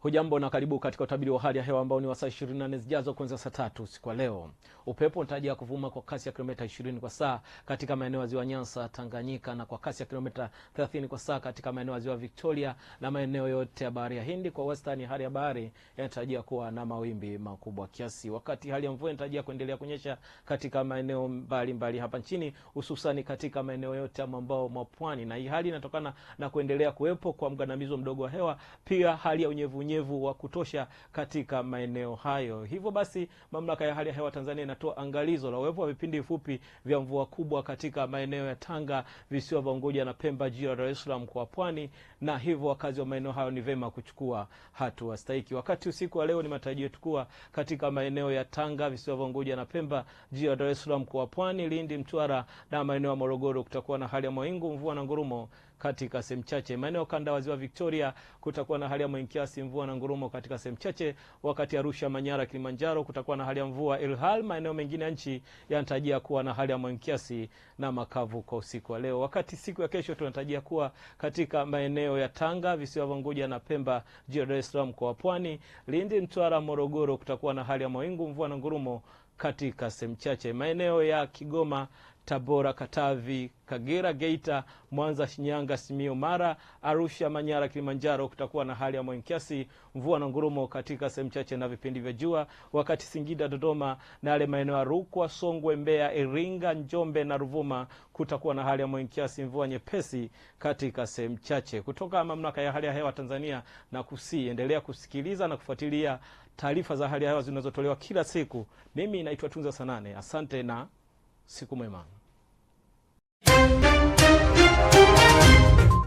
Hujambo na karibu katika utabiri wa hali ya hewa ambao ni wa saa 24 zijazo kuanzia saa tatu usiku wa leo. Upepo unatarajiwa kuvuma kwa kasi ya kilomita 20 kwa saa katika maeneo ya ziwa Nyasa, Tanganyika na kwa kasi ya kilomita 30 kwa saa katika maeneo ya ziwa Victoria na maeneo yote ya bahari ya Hindi. Kwa wastani, hali ya bahari inatarajiwa kuwa na mawimbi makubwa kiasi, wakati hali ya mvua inatarajiwa kuendelea kunyesha katika maeneo mbalimbali hapa nchini, hususan katika maeneo yote ya mwambao mwa pwani, na hii hali inatokana na kuendelea kuwepo kwa mgandamizo mdogo wa hewa. Pia hali ya unyevu unyevu wa kutosha katika maeneo hayo. Hivyo basi, mamlaka ya hali ya hewa Tanzania inatoa angalizo la uwepo wa vipindi vifupi vya mvua kubwa katika maeneo ya Tanga, visiwa vya Unguja na Pemba, jiji la Dar es Salaam kwa pwani, na hivyo wakazi wa maeneo hayo ni vema kuchukua hatua stahiki. Wakati usiku wa leo ni matarajio yetu kuwa katika maeneo ya Tanga, visiwa vya Unguja na Pemba, jiji la Dar es Salaam kwa pwani, Lindi, Mtwara na maeneo ya Morogoro kutakuwa na hali ya mawingu, mvua na ngurumo katika sehemu chache. Maeneo kanda ya ziwa Victoria kutakuwa na hali ya mawingu kiasi mvua mvua na ngurumo katika sehemu chache, wakati Arusha, Manyara, Kilimanjaro kutakuwa na hali ya mvua, ilhal maeneo mengine ya nchi yanatarajia kuwa na hali ya mawingu kiasi na makavu kwa usiku wa leo. Wakati siku ya kesho tunatarajia kuwa katika maeneo ya Tanga, visiwa vya Unguja na Pemba, jiji Dar es Salaam kwa Pwani, Lindi, Mtwara, Morogoro kutakuwa na hali ya mawingu, mvua na ngurumo katika sehemu chache. Maeneo ya Kigoma Tabora, Katavi, Kagera, Geita, Mwanza, Shinyanga, simio Mara, Arusha, Manyara, Kilimanjaro kutakuwa na hali ya mawingu kiasi, mvua na ngurumo katika sehemu chache na vipindi vya jua, wakati Singida, Dodoma na yale maeneo ya Rukwa, Songwe, mbea Iringa, Njombe na Ruvuma kutakuwa na hali ya mawingu kiasi, mvua nyepesi katika sehemu chache. Kutoka mamlaka ya hali ya hewa Tanzania na kusi, endelea kusikiliza na kufuatilia taarifa za hali ya hewa zinazotolewa kila siku. Mimi naitwa Tunza Sanane, asante na se comemorando.